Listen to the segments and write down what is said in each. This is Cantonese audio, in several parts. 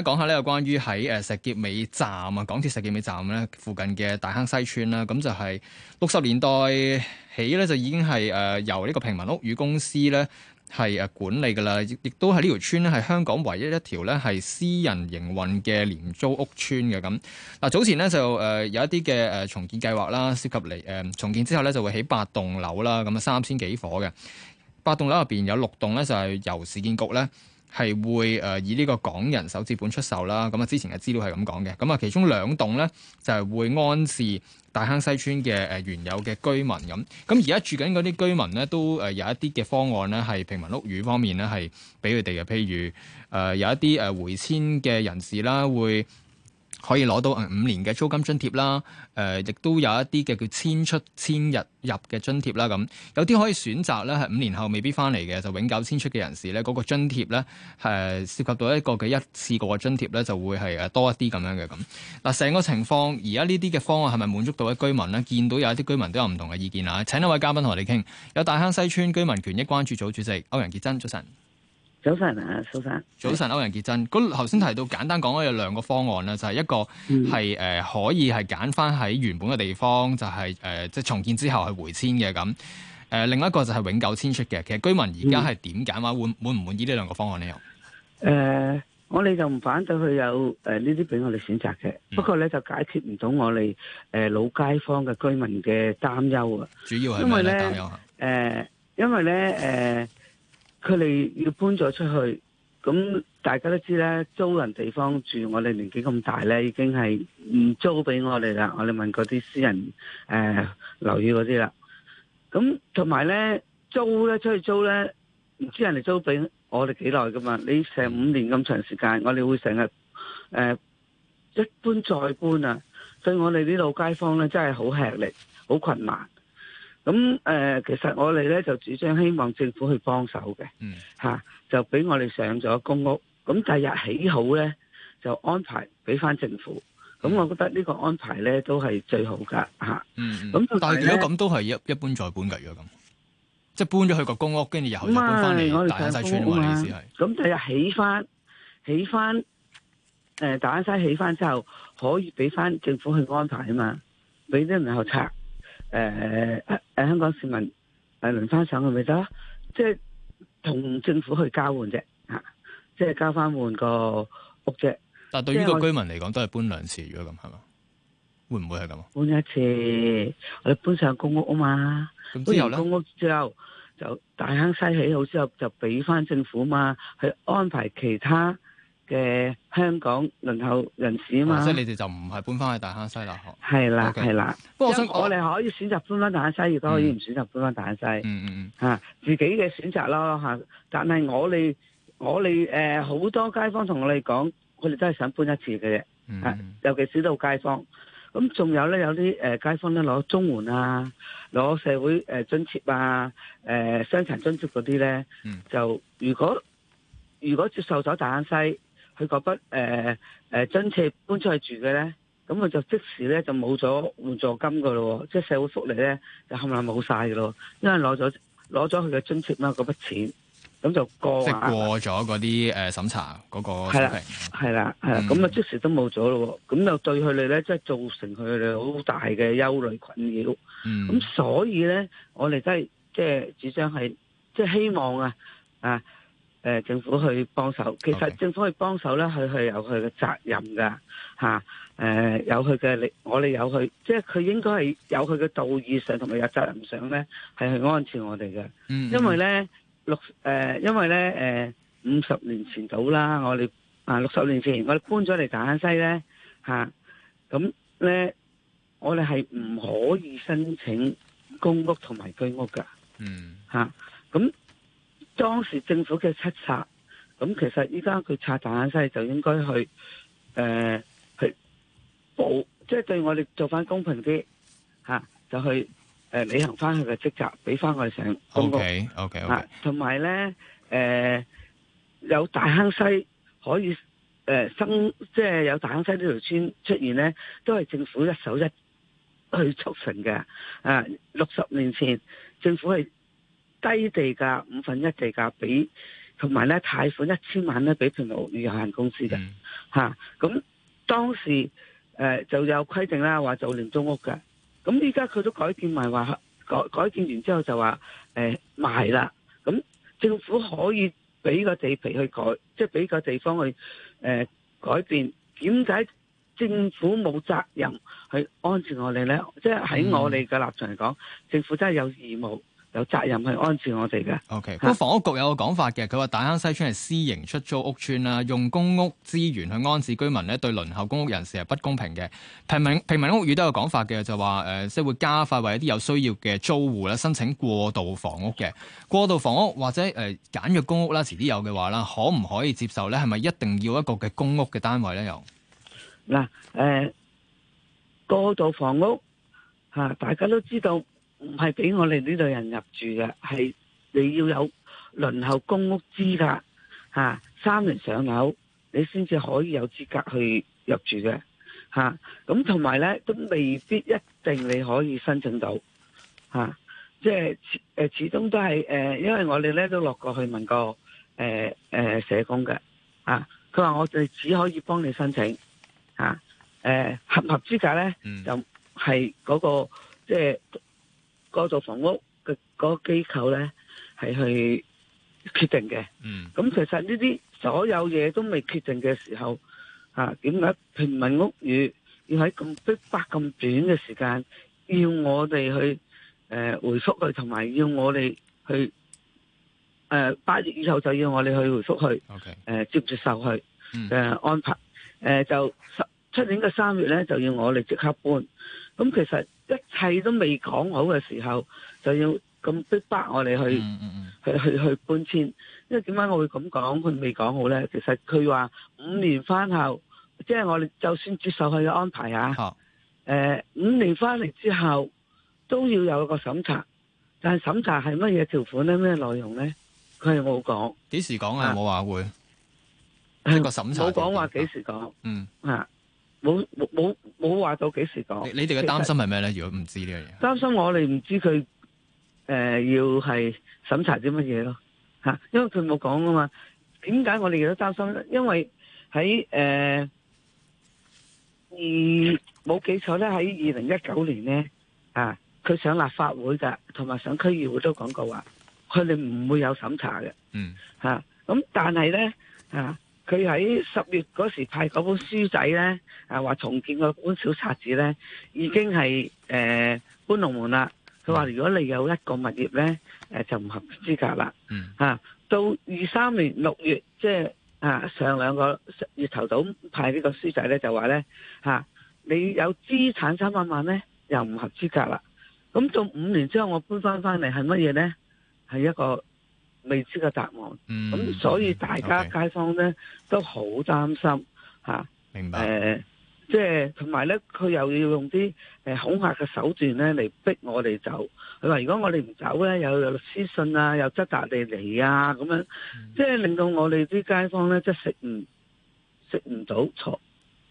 講下呢有關於喺誒石硖尾站啊，港鐵石硖尾站咧附近嘅大坑西村邨啦，咁就係六十年代起咧就已經係誒由呢個平民屋宇公司咧係誒管理噶啦，亦都係呢條村咧係香港唯一一條咧係私人營運嘅廉租屋村嘅咁。嗱，早前咧就誒有一啲嘅誒重建計劃啦，涉及嚟誒、呃、重建之後咧就會起八棟樓啦，咁啊三千幾夥嘅八棟樓入邊有六棟咧就係由市建局咧。係會誒以呢個港人首置盤出售啦，咁啊之前嘅資料係咁講嘅，咁啊其中兩棟咧就係會安置大坑西邨嘅誒原有嘅居民咁，咁而家住緊嗰啲居民咧都誒有一啲嘅方案咧係平民屋宇方面咧係俾佢哋嘅，譬如誒有一啲誒回遷嘅人士啦會。可以攞到五年嘅租金津貼啦，誒、呃、亦都有一啲嘅叫遷出遷入入嘅津貼啦咁，有啲可以選擇咧係五年後未必翻嚟嘅就永久遷出嘅人士咧，嗰、嗰個津貼咧誒涉及到一個嘅一次過嘅津貼咧就會係誒多一啲咁樣嘅咁嗱，成個情況而家呢啲嘅方案係咪滿足到一啲居民呢？見到有一啲居民都有唔同嘅意見啊！請一位嘉賓同我哋傾，有大坑西邨居民權益關注組主席歐陽潔珍早晨。早晨啊，早晨！早晨，歐陽潔珍。咁頭先提到簡單講咧，有兩個方案啦，就係、是、一個係誒、嗯呃、可以係揀返喺原本嘅地方，就係、是、誒、呃、即係重建之後係回遷嘅咁；誒、呃、另一個就係永久遷出嘅。其實居民而家係點揀話滿滿唔滿意呢兩個方案呢？又、嗯、誒、呃，我哋就唔反對佢有誒呢啲俾我哋選擇嘅，不過咧就解決唔到我哋誒老街坊嘅居民嘅擔憂啊！主要係咩擔憂啊？誒，因為咧誒。佢哋要搬咗出去，咁大家都知咧，租人地方住我我，我哋年紀咁大咧，已經係唔租俾我哋啦。我哋問嗰啲私人誒、呃、留意嗰啲啦，咁同埋咧租咧出去租咧，唔知人哋租俾我哋幾耐噶嘛？你成五年咁長時間，我哋會成日誒一搬再搬啊！所以我哋呢度老街坊咧，真係好吃力，好困難。咁誒、呃，其實我哋咧就主張希望政府去幫手嘅，吓、嗯啊、就俾我哋上咗公屋。咁第日起好咧，就安排俾翻政府。咁、嗯、我覺得呢個安排咧都係最好噶吓、啊。嗯咁但係如果咁都係一一般再搬噶，如果咁，即係搬咗去個公屋，跟住又後，後搬翻嚟大坑西邨，意思係咁第日起翻，起翻誒大坑西起翻之後，可以俾翻政府去安排啊嘛，俾啲人後拆。誒、呃、誒、呃、香港市民誒輪翻上去咪得？即係同政府去交換啫，吓、啊，即係交翻換個屋啫。但係對於個居民嚟講，都係搬兩次，如果咁係嘛？會唔會係咁啊？搬一次，我哋搬上公屋啊嘛。咁之後呢？搬完公屋之後，就大坑西起好之後，就俾翻政府啊嘛，去安排其他。嘅香港人候人士啊嘛，啊即係你哋就唔係搬翻去大坑西大是啦，係啦係啦。即係我哋可以選擇搬翻大坑西，亦都可以唔選擇搬翻大坑西。嗯嗯嗯、啊，自己嘅選擇咯嚇。但係我哋我哋誒好多街坊同我哋講，佢哋真係想搬一次嘅啫、嗯啊。尤其小道街坊。咁、啊、仲有咧，有啲誒、呃、街坊咧攞綜援啊，攞社會誒津貼啊，誒傷殘津貼嗰啲咧，就如果如果接受咗大坑西。佢嗰筆誒誒津貼搬出去住嘅咧，咁佢就即時咧就冇咗援助金噶咯，即係社會福利咧就冚唪唥冇晒噶咯，因為攞咗攞咗佢嘅津貼啦嗰筆錢，咁就過過咗嗰啲誒審查嗰、那個係啦係啦係啦，咁啊即時都冇咗咯，咁、嗯、就對佢哋咧即係造成佢哋好大嘅憂慮困擾，咁、嗯、所以咧我哋真係即係主張係即係希望啊啊！誒、呃，政府去幫手，其實政府去幫手咧，佢係有佢嘅責任噶，吓、啊，誒、呃，有佢嘅力，我哋有佢，即係佢應該係有佢嘅道義上同埋有責任上咧，係去安置我哋嘅、嗯，因為咧六誒、呃，因為咧誒、呃、五十年前到啦，我哋啊六十年前我哋搬咗嚟大坑西咧，吓、啊，咁咧我哋係唔可以申請公屋同埋居屋噶，吓、嗯，咁、啊。嗯當時政府嘅失策，咁其實依家佢拆大坑西就應該去，誒、呃、去補，即、就、係、是、對我哋做翻公平啲嚇、啊，就去誒、呃、履行翻佢嘅職責，俾翻我哋成公共。O K O K，同埋咧誒有大坑西可以誒、呃、生，即、就、係、是、有大坑西呢條村出現咧，都係政府一手一去促成嘅。啊，六十年前政府係。低地價五分一地價俾，同埋咧貸款一千萬咧俾平民屋宇有限公司嘅吓。咁、嗯啊、當時誒、呃、就有規定啦，話做廉租屋嘅。咁依家佢都改建埋話改改，改建完之後就話誒、呃、賣啦。咁政府可以俾個地皮去改，即係俾個地方去誒、呃、改變。點解政府冇責任去安置我哋咧？即係喺我哋嘅立場嚟講、嗯，政府真係有義務。有責任去安置我哋嘅。O、okay, K，、啊、房屋局有個講法嘅，佢話大坑西邨係私營出租屋邨啦，用公屋資源去安置居民咧，對輪候公屋人士係不公平嘅。平民平民屋宇都有講法嘅，就話誒，即、呃、係會加快為一啲有需要嘅租戶咧申請過渡房屋嘅過渡房屋或者誒、呃、簡約公屋啦，遲啲有嘅話啦，可唔可以接受咧？係咪一定要一個嘅公屋嘅單位咧？又嗱誒過渡房屋嚇、啊，大家都知道。唔係俾我哋呢類人入住嘅，係你要有輪候公屋資格，吓三人上樓，你先至可以有資格去入住嘅，吓咁同埋咧都未必一定你可以申請到，吓即係誒始終都係誒，因為我哋咧都落過去問過誒誒社工嘅，吓佢話我哋只可以幫你申請，吓誒合唔合資格咧就係嗰個即係。個做房屋嘅嗰個機構咧，係去決定嘅。嗯，咁其實呢啲所有嘢都未決定嘅時候，啊，點解平民屋宇要喺咁逼迫、咁短嘅時間，要我哋去誒回覆佢，同埋要我哋去誒八月以後就要我哋去回覆佢，誒接唔接受佢，誒安排，誒就出年嘅三月咧就要我哋即刻搬。咁其實。一切都未講好嘅時候，就要咁逼迫我哋去、嗯嗯、去、嗯、去去搬遷。因為點解我會咁講佢未講好呢？其實佢話五年翻後，即、就、係、是、我哋就算接受佢嘅安排啊。誒、嗯，五、呃、年翻嚟之後都要有一個審查，但係審查係乜嘢條款呢？咩內容呢？佢係冇講。幾時講啊？冇話會係個審查冇講話幾時講、啊？嗯冇冇冇冇話到幾時講？你哋嘅擔心係咩咧？如果唔知呢樣嘢，擔心我哋唔知佢誒、呃、要係審查啲乜嘢咯吓，因為佢冇講啊嘛。點解我哋都擔心咧？因為喺誒二冇幾歲咧，喺二零一九年咧啊，佢上立法會嘅，同埋上區議會都講過話，佢哋唔會有審查嘅。嗯吓、啊，咁但係咧吓。啊佢喺十月嗰時派嗰本書仔呢，啊話重建嗰本小冊子呢已經係誒、呃、搬龍門啦。佢話如果你有一個物業呢，誒就唔合資格啦。嗯，嚇、啊、到二三年六月，即、就、係、是、啊上兩個月頭度派呢個書仔呢，就話呢：啊「嚇你有資產三百萬呢，又唔合資格啦。咁到五年之後我搬翻翻嚟係乜嘢呢？係一個未知嘅答案，咁、嗯、所以大家街坊咧、嗯 okay、都好擔心吓，誒、啊，即係同埋咧，佢、呃就是、又要用啲誒、呃、恐嚇嘅手段咧嚟逼我哋走，佢話如果我哋唔走咧，又有私信啊，又執達吏嚟啊，咁樣，即、嗯、係、就是、令到我哋啲街坊咧即係食唔食唔到錯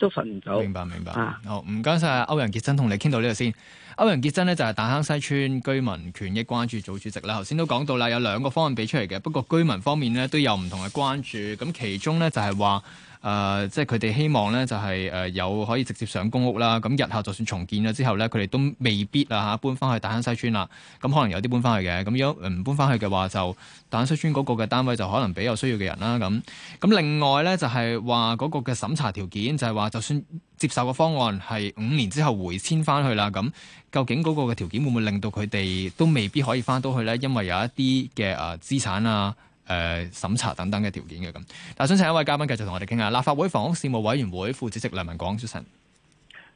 都瞓唔到。明白，明白。好，唔該晒，歐陽潔珍同你傾到呢度先。歐陽潔珍呢，就係、是、大坑西邨居民權益關注組主席啦。頭先都講到啦，有兩個方案俾出嚟嘅，不過居民方面呢，都有唔同嘅關注。咁其中呢，就係話。誒、呃，即係佢哋希望呢，就係、是、有、呃、可以直接上公屋啦。咁日後就算重建咗之後呢，佢哋都未必啊吓，搬翻去大坑西邨啦。咁可能有啲搬翻去嘅，咁如果唔搬翻去嘅話，就大坑西邨嗰個嘅單位就可能俾有需要嘅人啦。咁咁另外呢，就係話嗰個嘅審查條件，就係話就算接受個方案係五年之後回遷翻去啦。咁究竟嗰個嘅條件會唔會令到佢哋都未必可以翻到去呢？因為有一啲嘅誒資產啊。誒、呃，審查等等嘅條件嘅咁，但想請一位嘉賓繼續同我哋傾下立法會房屋事務委員會副主席梁文廣。早晨，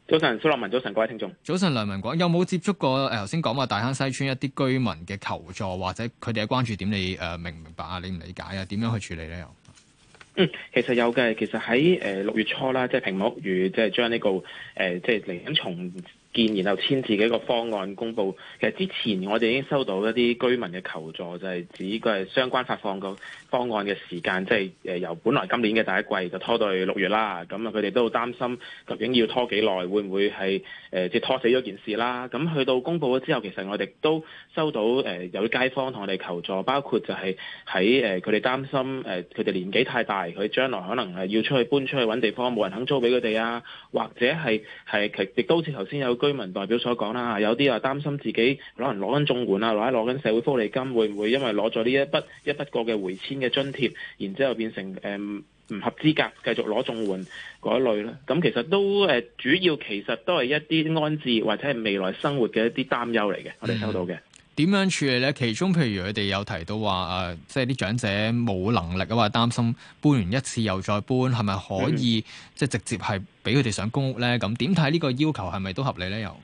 早晨，蘇立文，早晨，各位聽眾早晨。梁文廣有冇接觸過誒？頭先講話大坑西邨一啲居民嘅求助或者佢哋嘅關注點、呃，你誒明唔明白啊？你唔理解啊？點樣去處理咧？又嗯，其實有嘅，其實喺誒六月初啦，即係平民屋宇，即係將呢個誒、呃，即係嚟緊從。見然後簽字嘅一個方案公佈，其實之前我哋已經收到一啲居民嘅求助，就係指佢係相關發放個方案嘅時間，即係誒由本來今年嘅第一季就拖到去六月啦。咁啊，佢哋都好擔心究竟要拖幾耐，會唔會係誒即係拖死咗件事啦？咁去到公佈咗之後，其實我哋都收到誒有啲街坊同我哋求助，包括就係喺誒佢哋擔心誒佢哋年紀太大，佢將來可能係要出去搬出去揾地方，冇人肯租俾佢哋啊，或者係係亦都好似頭先有，居民代表所講啦，有啲啊擔心自己攞人攞緊綜援啊，或者攞緊社會福利金，會唔會因為攞咗呢一筆一筆過嘅回遷嘅津貼，然之後變成誒唔、呃、合資格繼續攞綜援嗰一類呢？咁其實都誒、呃、主要其實都係一啲安置或者係未來生活嘅一啲擔憂嚟嘅，我哋收到嘅。點樣處理呢？其中譬如佢哋有提到話誒、呃，即係啲長者冇能力啊，話擔心搬完一次又再搬，係咪可以即係直接係俾佢哋上公屋呢？咁點睇呢個要求係咪都合理呢？又？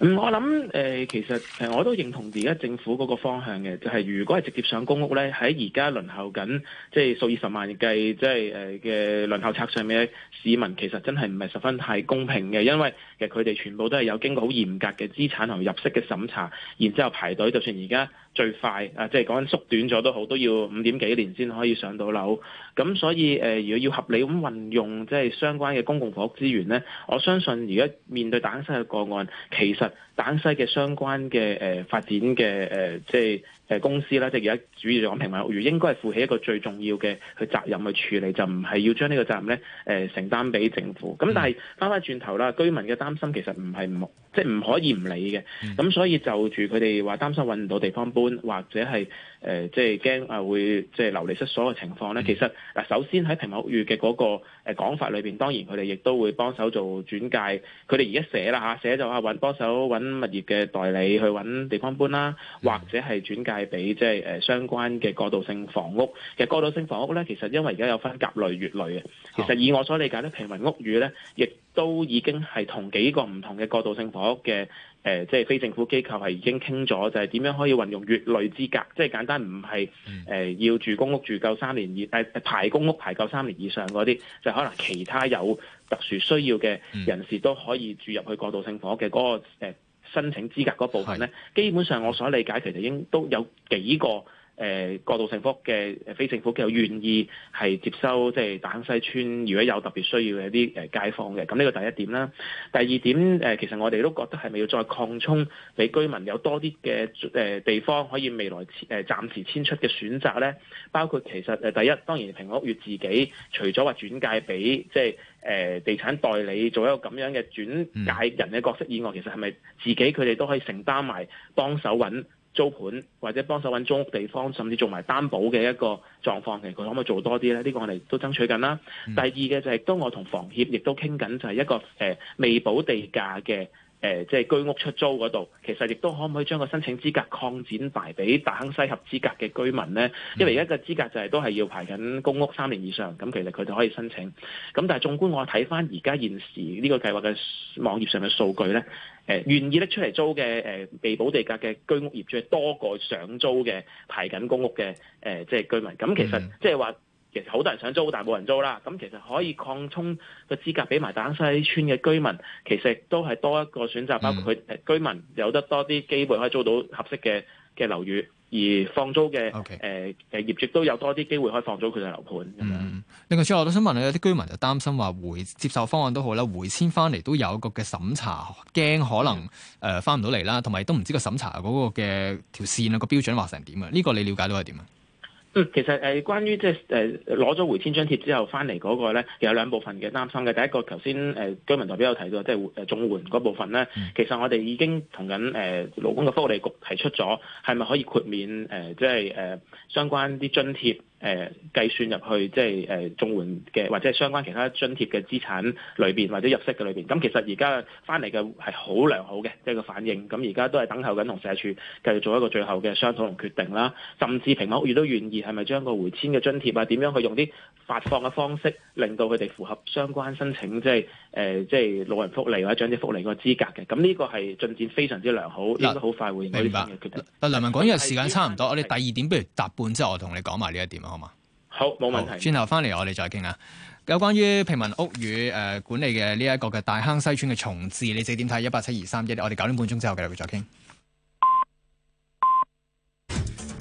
嗯，我諗、呃、其實我都認同而家政府嗰個方向嘅，就係、是、如果係直接上公屋咧，喺而家輪候緊，即係數以十萬計，即係嘅、呃、輪候冊上面嘅市民，其實真係唔係十分太公平嘅，因為其實佢哋全部都係有經過好嚴格嘅資產同入息嘅審查，然之後排隊，就算而家，最快啊，即係講緊縮短咗都好，都要五點幾年先可以上到樓。咁所以誒、呃，如果要合理咁運用，即係相關嘅公共房屋資源咧，我相信而家面對大坑西嘅個案，其實大坑西嘅相關嘅誒、呃、發展嘅誒即係。呃即係誒公司啦，即係而家主要就講平民屋宇應該係負起一個最重要嘅去責任去處理，就唔係要將呢個責任咧誒、呃、承擔俾政府。咁、mm-hmm. 但係翻返轉頭啦，居民嘅擔心其實唔係唔，即係唔可以唔理嘅。咁、mm-hmm. 所以就住佢哋話擔心揾唔到地方搬，或者係誒即係驚啊會即係流離失所嘅情況咧。Mm-hmm. 其實嗱，首先喺平民屋宇嘅嗰個。誒講法裏邊，當然佢哋亦都會幫手做轉介。佢哋而家寫啦嚇，寫就話揾幫手揾物業嘅代理去揾地方搬啦，或者係轉介俾即係誒相關嘅過渡性房屋。其實過渡性房屋咧，其實因為而家有分甲類、乙類嘅，其實以我所理解咧，平民屋宇咧，亦都已經係同幾個唔同嘅過渡性房屋嘅、呃、即係非政府機構係已經傾咗，就係點樣可以運用月類資格，即係簡單唔係、呃、要住公屋住夠三年以誒、呃、排公屋排夠三年以上嗰啲，就可能其他有特殊需要嘅人士都可以住入去過渡性房屋嘅嗰個、呃、申請資格嗰部分咧，基本上我所理解其實應都有幾個。誒、呃、過渡政福嘅非政府嘅願願意係接收，即、就、係、是、大坑西邨如果有特別需要嘅一啲誒街坊嘅，咁呢個第一點啦。第二點、呃、其實我哋都覺得係咪要再擴充俾居民有多啲嘅誒地方，可以未來遷暫、呃、暫時遷出嘅選擇咧？包括其實、呃、第一，當然平屋宇自己除咗話轉介俾即係誒地產代理做一個咁樣嘅轉介人嘅角色以外，嗯、其實係咪自己佢哋都可以承擔埋幫手揾？租盤或者幫手揾租屋地方，甚至做埋擔保嘅一個狀況嘅，其實佢可唔可以做多啲咧？呢、這個我哋都爭取緊啦、嗯。第二嘅就係、是、當我同房協亦都傾緊，就係一個、呃、未補地價嘅。誒、呃，即、就、係、是、居屋出租嗰度，其實亦都可唔可以將個申請資格擴展排大俾大坑西合資格嘅居民咧？因為而家嘅資格就係都係要排緊公屋三年以上，咁其實佢就可以申請。咁但係縱觀我睇翻而家現時呢個計劃嘅網頁上嘅數據咧，誒、呃、願意拎出嚟租嘅誒、呃、被保地價嘅居屋業主，多過想租嘅排緊公屋嘅誒即係居民。咁其實即係話。其實好多人想租，但冇人租啦。咁其實可以擴充個資格，俾埋大坑西邨嘅居民，其實都係多一個選擇。嗯、包括佢居民有得多啲機會可以租到合適嘅嘅樓宇，而放租嘅誒誒業主都有多啲機會可以放租佢嘅樓盤。嗯。另外，此外我都想問下，有啲居民就擔心話回接受方案都好啦，回遷翻嚟都有一個嘅審查，驚可能誒翻唔到嚟啦。同埋都唔知個審查嗰個嘅條線啊，個標準話成點啊？呢、呢個你了解到係點啊？嗯、其實誒、呃、關於即係誒攞咗回遷津貼之後翻嚟嗰個咧，有兩部分嘅擔心嘅。第一個頭先誒居民代表有提到，即係誒綜援嗰部分咧、嗯，其實我哋已經同緊誒勞工及福利局提出咗，係咪可以豁免誒即係誒相關啲津貼。誒、呃、計算入去，即係誒綜援嘅或者係相關其他津貼嘅資產裏邊或者入息嘅裏邊。咁其實而家翻嚟嘅係好良好嘅，即、就、係、是、個反應。咁而家都係等候緊同社署繼續做一個最後嘅商討同決定啦。甚至平民屋宇都願意係咪將個回遷嘅津貼啊，點樣去用啲發放嘅方式，令到佢哋符合相關申請，即係誒、呃、即係老人福利或者長者福利個資格嘅。咁呢個係進展非常之良好，應都好快會有啲決定。但梁文廣，因、這、為、個、時間差唔多，我哋第二點不如答半之後，我同你講埋呢一點好嗎，好，冇問題。轉頭翻嚟我哋再傾啊，有關於平民屋宇誒管理嘅呢一個嘅大坑西邨嘅重置，你自己點睇？一八七二三一，我哋九點半鐘之後繼續再傾。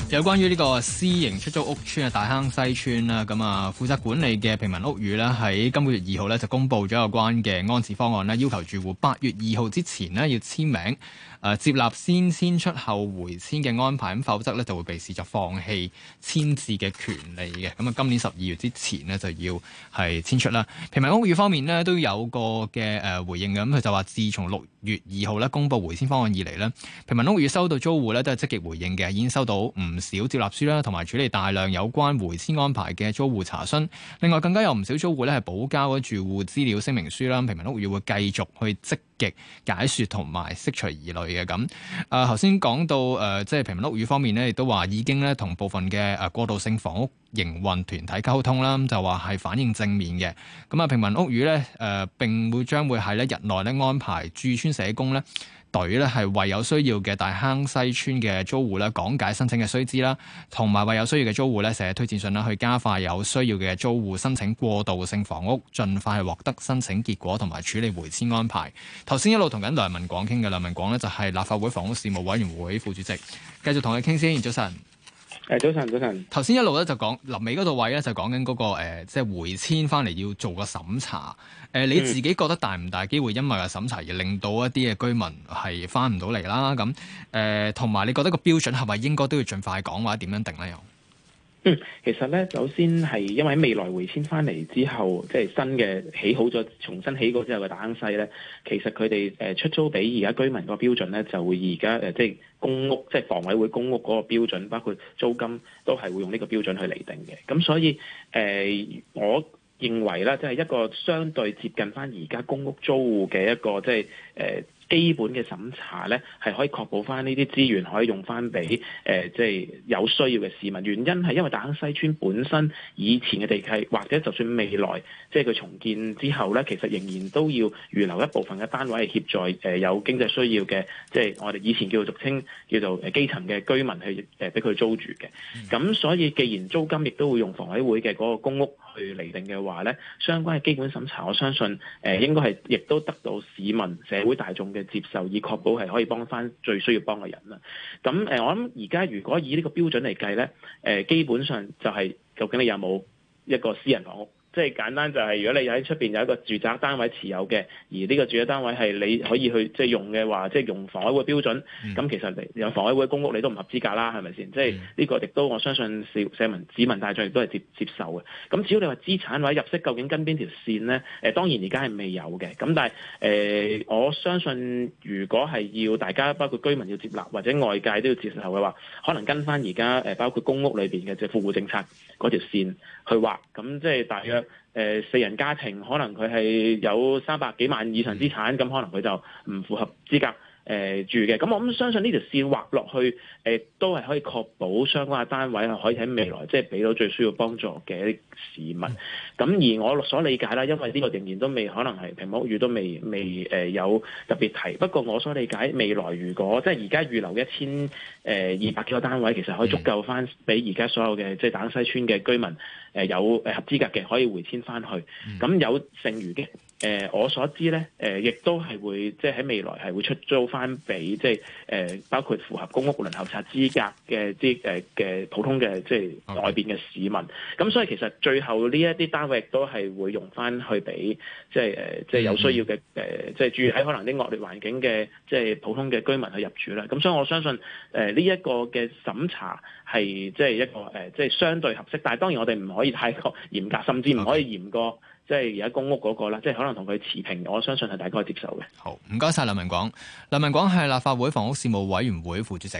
有關於呢個私營出租屋邨、大坑西邨啦，咁啊，負責管理嘅平民屋宇咧，喺今個月二號就公布咗有關嘅安置方案啦，要求住戶八月二號之前要簽名，誒、呃、接納先遷出後回遷嘅安排，否則就會被視作放棄簽字嘅權利嘅。咁啊，今年十二月之前就要係遷出啦。平民屋宇方面呢都有個嘅誒回應嘅，咁佢就話自從六月二號公布回遷方案以嚟，平民屋宇收到租戶都係積極回應嘅，已經收到唔少接納書啦，同埋處理大量有關回遷安排嘅租戶查詢。另外，更加有唔少租戶咧係補交咗住戶資料聲明書啦。平民屋宇會繼續去積極解説同埋釋除疑慮嘅咁。誒頭先講到誒，即係平民屋宇方面咧，亦都話已經咧同部分嘅誒過渡性房屋營運團體溝通啦，就話係反映正面嘅。咁啊，平民屋宇咧誒，並會將會係咧日內咧安排駐村社工咧隊咧係為有需要嘅大坑西邨嘅租戶咧講解申請嘅須知啦，同埋為有需要嘅租戶咧寫推薦信啦，去加快有需要嘅租戶申請過渡性房屋，盡快獲得申請結果同埋處理回遷安排。頭先一路同緊梁文廣傾嘅梁文廣咧就係立法會房屋事務委員會副主席，繼續同佢傾先，早晨。誒，早晨，早晨。頭先一路咧就講臨尾嗰度位咧就講緊嗰個誒，即、呃、係、就是、回遷翻嚟要做個審查。誒、呃，你自己覺得大唔大機會，因為個審查而令到一啲嘅居民係翻唔到嚟啦？咁誒，同、呃、埋你覺得個標準係咪應該都要盡快講，或者點樣定咧？又？嗯，其實咧，首先係因為未來回遷翻嚟之後，即、就、係、是、新嘅起好咗，重新起過之後嘅大坑西咧，其實佢哋誒出租俾而家居民嗰個標準咧，就會而家誒即係公屋即係、就是、房委會公屋嗰個標準，包括租金都係會用呢個標準去釐定嘅。咁所以誒、呃，我認為啦，即、就、係、是、一個相對接近翻而家公屋租戶嘅一個即係誒。就是呃基本嘅審查咧，係可以確保翻呢啲資源可以用翻俾誒，即、呃、係、就是、有需要嘅市民。原因係因為大坑西邨本身以前嘅地契，或者就算未來即係佢重建之後咧，其實仍然都要預留一部分嘅單位，係協助、呃、有經濟需要嘅，即、就、係、是、我哋以前叫做俗稱叫做基層嘅居民去誒俾佢租住嘅。咁所以，既然租金亦都會用房委會嘅嗰個公屋去釐定嘅話咧，相關嘅基本審查，我相信誒、呃、應該係亦都得到市民、社會大眾嘅接受，以確保係可以幫翻最需要幫嘅人啦。咁誒，我諗而家如果以呢個標準嚟計咧，誒，基本上就係究竟你有冇一個私人房屋？即係簡單就係、是，如果你喺出面有一個住宅單位持有嘅，而呢個住宅單位係你可以去即係用嘅話，即係用房委會標準，咁、嗯、其實你有房委會公屋你都唔合資格啦，係咪先？即係呢個亦都我相信社民、市民大眾亦都係接接受嘅。咁只要你話資產或者入息，究竟跟邊條線咧？誒、呃、當然而家係未有嘅。咁但係、呃、我相信如果係要大家包括居民要接納，或者外界都要接受嘅話，可能跟翻而家包括公屋裏面嘅即係富戶政策嗰條線去畫，咁即係大約。誒四人家庭，可能佢係有三百幾萬以上資產，咁可能佢就唔符合資格。誒、呃、住嘅，咁我咁相信呢條線劃落去，誒、呃、都係可以確保相關嘅單位可以喺未來即係俾到最需要幫助嘅市民。咁而我所理解啦，因為呢個仍然都未可能係房屋局都未未、呃、有特別提。不過我所理解未來如果即係而家預留一千二百幾個單位，其實可以足夠翻俾而家所有嘅即係坑西邨嘅居民有合資格嘅可以回遷翻去。咁有剩餘嘅。誒、呃、我所知咧，誒、呃、亦都係會即係喺未來係會出租翻俾即係誒、呃、包括符合公屋輪候冊資格嘅啲嘅、呃、普通嘅即係外邊嘅市民。咁、okay. 所以其實最後呢一啲單位都係會用翻去俾即係、呃、即係有需要嘅、mm-hmm. 呃、即係住喺可能啲惡劣環境嘅即係普通嘅居民去入住啦。咁所以我相信誒呢、呃這個、一個嘅審查係即係一個即係相對合適，但係當然我哋唔可以太過嚴格，甚至唔可以嚴過。即係而家公屋嗰、那個啦，即係可能同佢持平，我相信係大家可以接受嘅。好，唔該晒。梁文廣。梁文廣係立法會房屋事務委員會副主席。